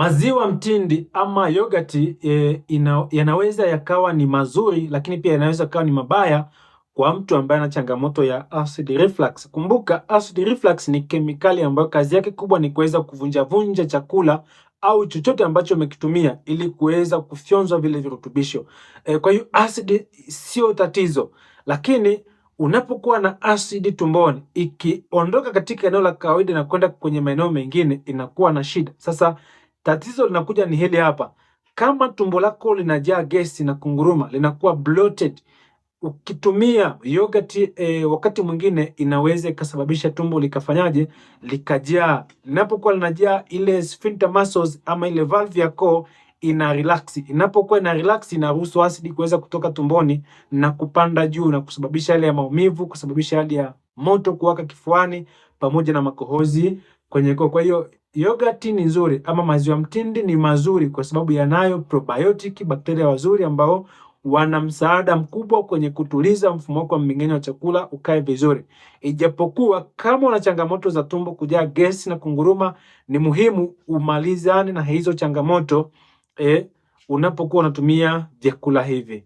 Maziwa mtindi ama yogati e, ina, yanaweza yakawa ni mazuri, lakini pia yanaweza kawa ni mabaya kwa mtu ambaye ana changamoto ya acid reflux. Kumbuka acid reflux ni kemikali ambayo kazi yake kubwa ni kuweza kuvunjavunja chakula au chochote ambacho umekitumia ili kuweza kufyonzwa vile virutubisho e. Kwa hiyo acid sio tatizo, lakini unapokuwa na acid tumboni ikiondoka katika eneo la kawaida na kwenda kwenye maeneo mengine inakuwa na shida sasa. Tatizo linakuja ni hili hapa, kama tumbo lako linajaa gesi na kunguruma, linakuwa bloated, ukitumia yogurt e, wakati mwingine inaweza ikasababisha tumbo likafanyaje, likajaa. Linapokuwa linajaa, ile sphincter muscles ama ile valve ya koo ina relax. Inapokuwa ina relax, inaruhusu asidi kuweza kutoka tumboni na kupanda juu na kusababisha hali ya maumivu, kusababisha hali ya moto kuwaka kifuani pamoja na makohozi kwenye koo. Kwa hiyo yogati ni nzuri ama maziwa mtindi ni mazuri kwa sababu yanayo probiotic, bakteria wazuri ambao wana msaada mkubwa kwenye kutuliza mfumo wako wa mmeng'enyo wa chakula ukae vizuri. Ijapokuwa kama una changamoto za tumbo kujaa gesi na kunguruma, ni muhimu umalizane na hizo changamoto eh, unapokuwa unatumia vyakula hivi.